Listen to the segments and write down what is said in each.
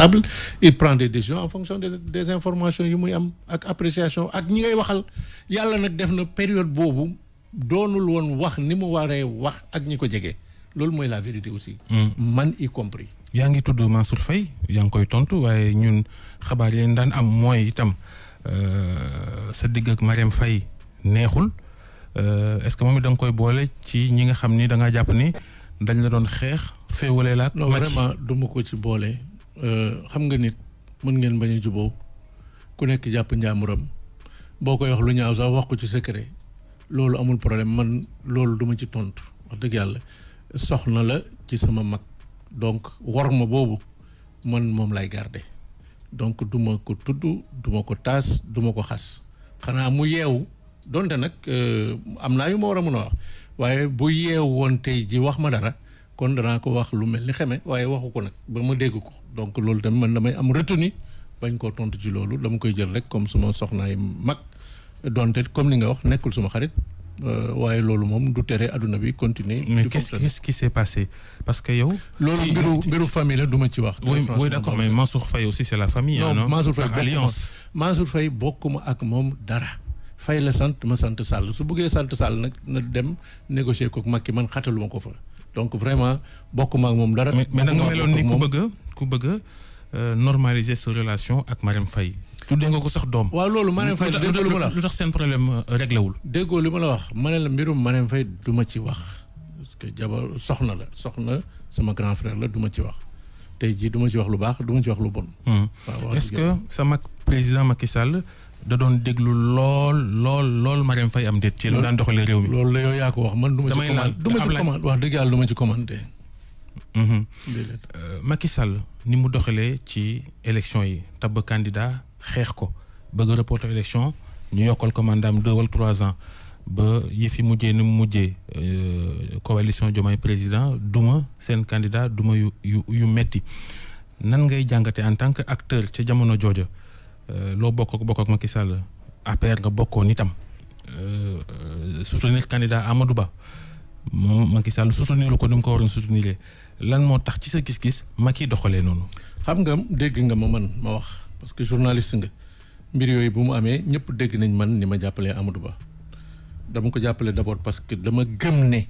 table il prend des décisions en fonction des des informations yu muy am ak appréciation ak ñi ngay waxal yàlla nag def na période boobu doonul woon wax ni mu waree wax ak ñi ko jege loolu mooy la vérité aussi. Hmm. man y compris yaa ngi tudd Mansour fay yaa ngi koy tontu waaye ñun xabaar yi daan am mooy itam euh, sa digg ak Marème fay neexul euh, est-ce que moom it da nga koy boole ci ñi nga xam ni da jàpp ni dañ la doon xeex féewale la ak. non du ma ko ci boole. Euh, xam nga nit mën ngeen bañ a juboo ku nekk jàpp njaamuram boo koy wax lu ñaaw sax wax ko ci secret loolu amul problème man loolu duma ci tontu wax dëgg yàlla soxna la ci sama mag donc war ma boobu man moom lay garder donc duma ko tudd duma ko taas duma ko xas xanaa mu yeewu donte nag euh, am naa yu ma war a mën a wax waaye bu yeewu woon tey ji wax ma dara kon danaa ko wax lu mel ni xeme waaye waxu ko nag ba ma dégg ko donc loolu tamit man damay am retenu bañ koo tontu ci loolu dama koy jël rek comme suma soxnaay mag donte comme ni nga wax nekkul suma xarit euh, waaye loolu moom du tere adduna bi continuer. mais qu'est-ce qu'est-ce que yow. loolu mbiru famille la ma ci wax. oui oui d'accord mais Mansour Faye aussi c'est la famille. non Mansour Faye alliance Mansour Faye bokkuma ak moom dara. fay la sant ma sant Sall su bëggee sant Sall nag na dem négocier mag ki man xataluma ko fa donc vraiment bokk ma ak moom dara. mais mais da nga meloon ni ku bëgg ku bëgg euh, normaliser sa relation ak Marème Faye. tuddee nga ko sax doom. waaw loolu Marème Faye déggoo lu ma la wax lu tax seen problème euh, réglé wul. dégg lu ma la wax mané la mbirum Marème Faye duma ci wax parce que jabar soxna la soxna sama grand frère la duma ci wax. tay ji duma ci wax lu baax duma ci wax lu bon. Hmm. est-ce que sama président Macky Sall da doon déglu lool lool lool Marème Faye am déet. ci lu daan doxalee réew mi loolu la yow yaa ko wax man. duma ci du Duma ci commande wax dëgg yàlla duma ci commandé. Mhm. Euh, Macky Sall ni mu ci élection yi candidat xex ko reporter élection ñu yokal ko ou trois ans ba yefi ni euh, coalition jomay président duma sen candidat duma yu yu metti nan ngay en tant que acteur jamono euh lo bokk bokk Macky Sall nga euh, soutenir candidat Amadou Ba soutenir lan moo tax ci sa gis-gis Macky doxalee noonu. xam nga dégg nga ma man ma wax parce que journaliste nga mbir yooyu bu mu amee ñëpp dégg nañ man ni ma jàppalee Amadou Ba dama ko jàppale d'abord parce que dama gëm ne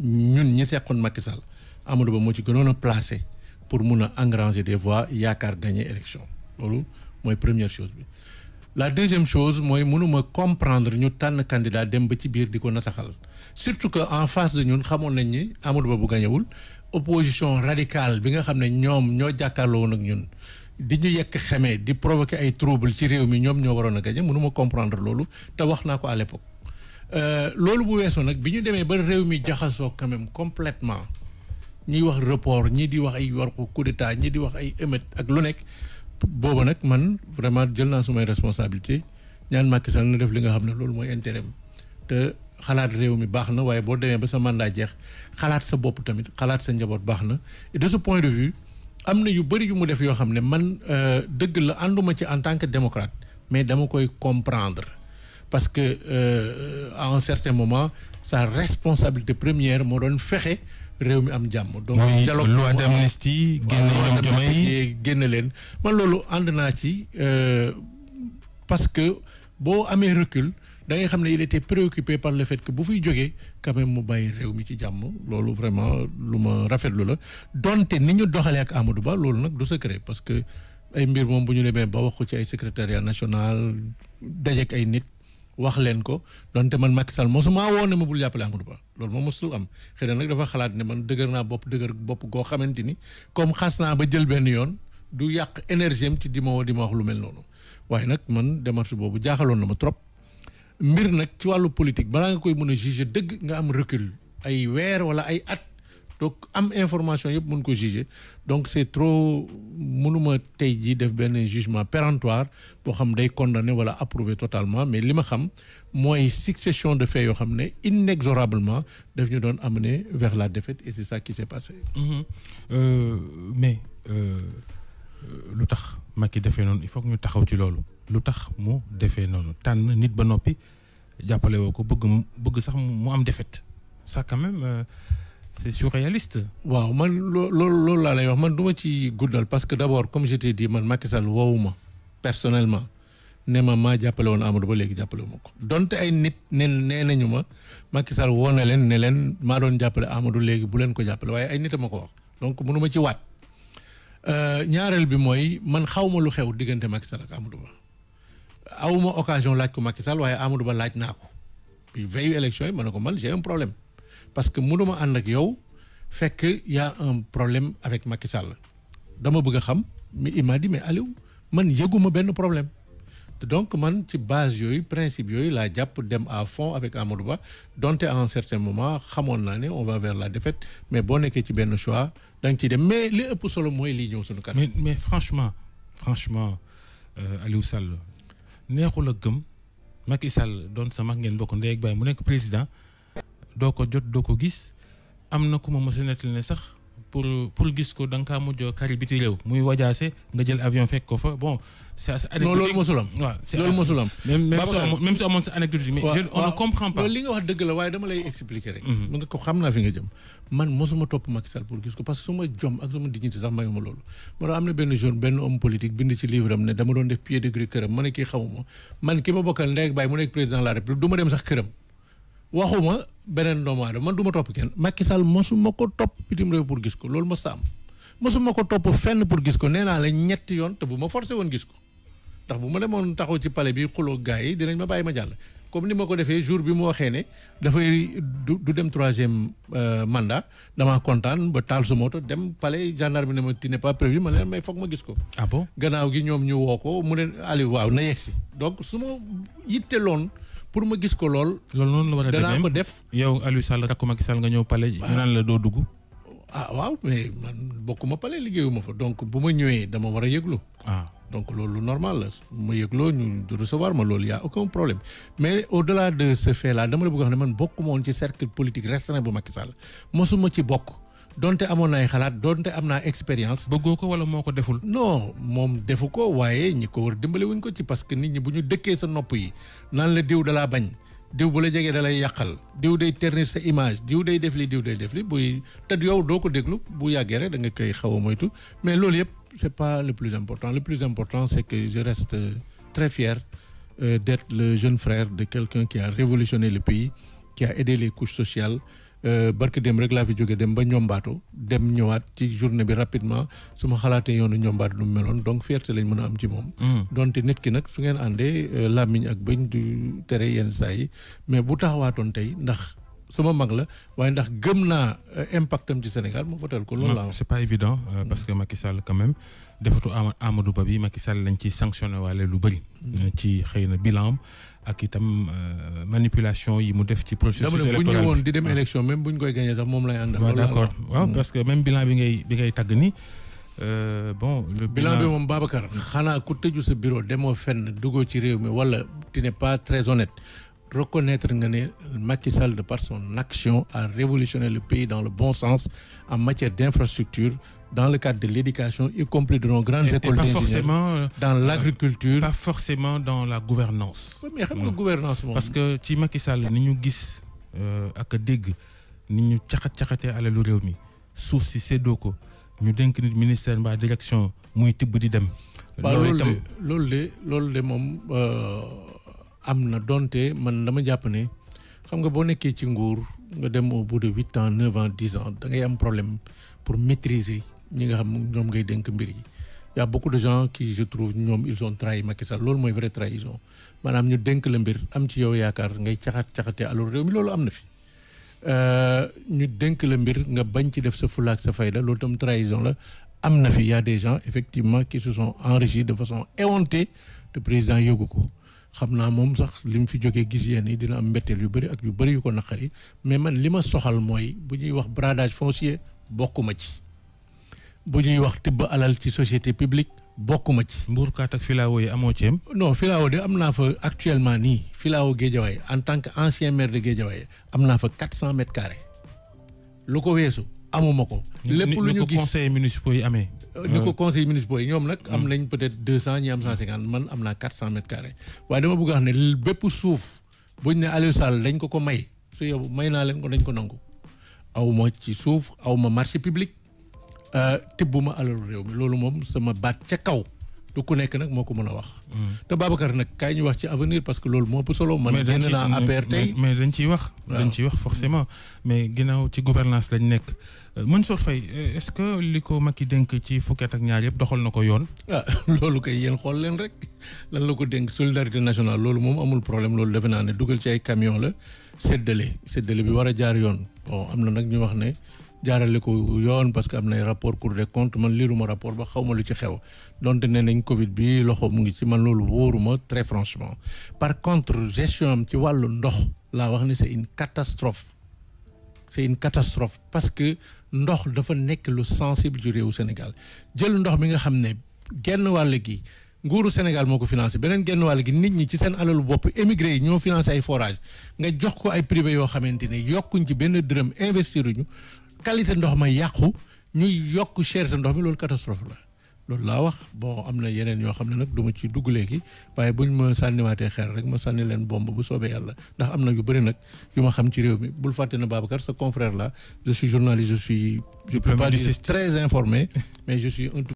ñun ñi seqoon Macky Sall Amadou Ba moo ci gënoon a placé pour mun a engranger des voix yaakaar gagner élection loolu mooy première chose bi. la deuxième chose mooy mënuma comprendre ñu tànn candidat dem ba ci biir di ko nasaxal surtout que en face de ñun xamoon nañ ni Amadou Ba bu wul. opposition radicale bi nga xam ne ñoom ñoo jàkkaarloo woon ak ñun di ñu yekk xamee di provoquer ay trouble ci réew mi ñoom ñoo waroon a gañe mënuma comprendre loolu te wax naa ko à l'époque euh, loolu bu weesoo nag bi ñu demee ba réew mi jaxasoo quand même complètement ñiy wax report ñii di wax ay warku coup d'état ñii di wax ay émeute ak lu nekk booba nag man vraiment jël naa sumay responsabilité ñaan Macky Sall na def li nga xam ne loolu mooy intérêt xalaat réew mi baax na waaye boo demee ba sa mandat jeex xalaat sa bopp tamit xalaat sa njaboot baax na et de ce point de vue am na yu bëri yu mu def yoo xam ne man euh, dëgg la anduma ci en tant que démocrate mais dama koy comprendre parce que euh, à un certain moment sa responsabilité première moo doon fexe réew mi am jàmm. donc dialogue loi d'amnistie génn ñoom Diomaye génn leen man loolu ànd naa ci euh, parce que boo amee recul. da xam ne il était préoccupé par le fait que bu fiy jógee quand mu bàyyi réew mi ci jàmm loolu vraiment lu ma rafetlu la donte ni ñu doxalee ak Amadou Ba loolu nag du secret parce que ay mbir moom bu ñu demee ba wax ko ci ay secrétariat national dajeek ay nit wax leen ko donte man Macky Sall mosuma woo ne ma bul jàppale Amadou Ba loolu moom mosul am xëy na nag dafa xalaat ne man dëgër naa bopp dëgër bopp goo xamante ni comme xas naa ba jël benn yoon du yàq énergie am di ma di ma wax lu mel noonu waaye nag man démarche boobu jaaxaloon na ma trop. mbir nak ci walu politique bala nga koy mëna juger deug nga am recul ay wèr wala ay at donc am information yëpp mën ko juger donc c'est trop mënuma tay ji def ben jugement péremptoire bo xam day condamner wala approuver totalement mais lima xam moy succession de faits yo xamné inexorablement daf ñu doon amener vers la défaite et c'est ça qui s'est passé. Mm-hmm. euh, mais euh, euh lutax Macky defee non il faut que ñu taxaw ci lolu lu tax mu defee noonu tànn nit ba noppi jàppale woo ko bëgg bëgg sax mu am defet ça quand même euh, c'est surréaliste. waaw man loo loolu loolu laa lay wax man du ma ci guddal parce que d'abord comme je t'ai man Macky Sall woowu ma ne ma maa jàppale woon Amadou ba léegi jàppale ma ko donte ay nit ne nee nañu ma Macky Sall woo na leen ne leen maa doon jàppale Amadou léegi bu leen ko jàppale waaye ay nit a ma ko wax donc mënu ma ci waat euh, ñaareel bi mooy man xaw ma lu xew diggante Macky Sall ak Amadou Ba. awuma occasion laaj ko Macky Sall waaye Amadou Ba laaj nako puis veille élection yi ko mal j'ai un problème parce que mënuma ànd ak yow fekk y a un problème avec Macky Sall dama bëgg xam mais il m'a dit mais Aliou man yëguma ben problème donc man ci base yoy, principe yoy, la jàpp dem à fond avec Amadou Ba donte à un certain moment xamoon naa ne on va vers la défaite mais boo nekkee ci benn choix da nga ciy dem mais le ëpp solo mooy lii ñëw suñu mais mais franchement franchement euh, Aliou Sall neexul a gëm Macky Sall doon sa mag ngeen bokk ndey ak baay mu nekk président doo ko jot doo ko gis am na ku ma mos a nettali ne sax. pour pour gis ko da nga kaa mujj kari biti réew muy wajaase nga jël avion fekk ko fa bon. c'est assez anecdotique non loolu mosul am. waaw c'est loolu mosul sa anecdotique. mais je on ne comprend li nga wax dëgg la waaye dama lay expliquer rek. Mhm. mun nga ko xam naa fi nga jëm. man mosuma topp Macky pour gis ko parce su ma jom ak suma dignité sax mayuma loolu. moo tax am na benn jeune benn homme politique bind ci livre am ne dama doon def pied de grue këram ma ne xamuma man ki ma bokkal ndey ak baay mu nekk président de dem sax këram. waxuma beneen doomu aadama man duma topp kenn Macky Sall mosuma ko topp bitim réew pour gis ko loolu mos sa am mosuma ko topp fenn pour gis ko nee naa la ñetti yoon te bu ma forcé woon gis ko ndax bu ma demoon taxaw ci pale bi xuloo gars yi dinañ ma bàyyi ma jàll comme ni ma ko defee jour bi mu waxee ne dafay du du dem troisième euh, mandat damaa kontaan ba taal su moto dem palais gendarme ne ma ti n'est pas prévu ma leen may foog ma gis ko. ah bon gannaaw gi ñoom ñu woo ko mu ne Aliou waaw donc su ma yitteloon pour ma gis ko lool. loolu noonu la war a demee danaa ko def. yow Aliou Sall rakku Macky Sall nga ñëw pale. waaw naan la doo dugg. ah waaw mais man bokkuma pale liggéeyuma fa donc bu ma ñëwee dama war a yëglu. Ah. donc loolu normal la ma yëgloo ñu recevoir ma loolu a aucun problème mais au delà de ce dama la bëgg ne man bokkuma woon ci cercle politique restreint bu Macky Sall mosuma ci bokk. donte amoon na ay xalaat donte am naa expérience. bëggoo ko wala moo ko deful. non moom defu ko waaye ñi ko war wuñ ko ci parce que nit ñi bu ñu dëkkee sa nopp yi naan la diw dalaa bañ diw bu la jegee lay yàqal diw day ternir sa image diw day def li diw day def li buy te yow doo ko déglu bu yàggee rek da nga koy xaw moytu mais loolu yëpp c'est pas le plus important le plus important c'est que je reste euh, très fier euh, d'être le jeune frère de quelqu'un qui a révolutionné le pays qui a aidé les couches sociales. Euh, barki dem rek laa fi jóge dem ba ñombaatu dem ñëwaat ci journée bi rapidement su ma xalaatee yoonu ñombaatu lu mu meloon donc fierté lañ mën a am ci moom mm. donte nit ki nag su ngeen àndee euh, làmmiñ ak bëñ du tere yenn saa yi mais bu taxawaatoon tey ndax sama mag la waaye ndax gëm naa euh, impactam ci Sénégal mu votel ko loolu laa c'est pas évident euh, mm. parce que Macky Sall quand même defatu Amadou Ba bi Macky Sall lañ ci sanctionné waale lu bëri mm. euh, ci xëy na bilan ak itam euh, manipulation yi mu def ci processus électoral bu ñu woon di dem ah. élection même buñ koy gagné sax moom lay àndal waaw d'accord mm. waaw parce que même bilan bi ngay bi ngay tagg ni Euh, bon le bilan bi moom Babacar xanaa ku tëju sa bureau demoo fenn duggoo ci réew mi wala tu n'es pas très honnête reconnaître que Macky Sall de par son action a révolutionné le pays dans le bon sens en matière d'infrastructure dans le cadre de l'éducation y compris de nos grandes et, écoles d'ingénieurs euh, dans euh, l'agriculture pas forcément dans la gouvernance mais gouvernance parce que ci Macky Sall avons ñu gis euh, ak dégg nous avons caxat doko alalu réew mi Sauf si c'est ñu nit ministère ba direction muy la dem de bah, de loolu am na donte man dama japp ne xam nga bo nekkee ci nguur nga dem au bout de 8 ans 9 ans 10 ans da ngay am problème pour maîtriser ñi nga xam ñom ngay dénk mbir yi y a beaucoup de gens qui je trouve ñom ils ont trahi Macky Sall lool moy vraie trahison manam ñu dénk le mbir am ci yow yaakar ngay caxat caxatee alors réew mi loolu amna fi euh ñu dénk le mbir nga bañ ci def sa fulaak sa fayda loolu tam trahison la amna na fi y a des gens effectivement qui se sont enrichis de façon éhontée de président yógu xam naa moom sax li mu fi jógee gis yéen yi dina am mbetteel yu bëri ak yu bëri yu ko naqari mais man li ma soxal mooy bu ñuy wax bradage foncier ma ci bu ñuy wax tibb alal ci société publique bokk ma ci. mbuurkaat ak filao yi amoo ceem. non filao de am naa fa actuellement nii filao Guédiawaye en tant que ancien maire de Guédiawaye am naa fa quatre cent mètres carrés lu ko weesu amuma ko. lépp lu ñu gis conseil municipal yi amee. ñu ko conseil municipal yi ñoom nag am nañ peut être 200 ñi am 150 man am naa 400 mètres carrés waaye dama bëgg wax ne bépp suuf buñ ne allé sall dañ ko ko may su yow may naa leen ko dañ ko nangu aw ma ci suuf aw ma marché public tibbuma alalu réew mi loolu moom sama baat ca kaw du ku nekk nag moo ko mën a wax. Mm. te Babacar nag kaay ñu wax ci avenir parce que loolu moo ëpp solo. man génn naa APR tey mais dañ ciy wax. dañ ciy mais ginnaaw ci gouvernance lañ nekk. Euh, Mansour Faye euh, est-ce que li ko Macky dénk ci fukki at ak ñaar yëpp doxal na ko yoon. Ah, loolu kay yéen xool leen rek lan la ko dénk solidarité nationale loolu moom amul problème loolu defe naa ne dugal ci ay camion la séddale séddale bi war a jaar yoon bon am na nag ñu wax ne. jaarale ko yoon parce que am nay rapport cour des comptes man liiruma rapport ba xaw ma lu ci xew donte nee nañ Covid bi loxo mu ngi ci man loolu wóoruma très franchement par contre gestion am ci wàllu ndox laa wax ni c'est une catastrophe c'est une catastrophe parce que ndox dafa nekk lu sensible ci réewu Sénégal jël ndox mi nga xam ne genn wàll gi nguuru Sénégal moo ko financé beneen genn wàll gi nit ñi ci seen alalu bopp émigré yi ñoo financé ay forage nga jox ko ay privé yoo xamante ne yokkuñ ci benn dërëm investiruñu qualité ndox ma yàqu ñu yokk cherté ndox mi loolu catastrophe la loolu laa wax boo am na yeneen yoo xam ne nag duma ma ci dugg léegi waaye ñu ma sànniwaatee xeer rek ma sànni leen bomb bu soobee yàlla ndax am na yu bëri nag yu ma xam ci réew mi bul fàtte na Babacar sa confrère la je suis journaliste je suis je peux pas très informé mais je suis un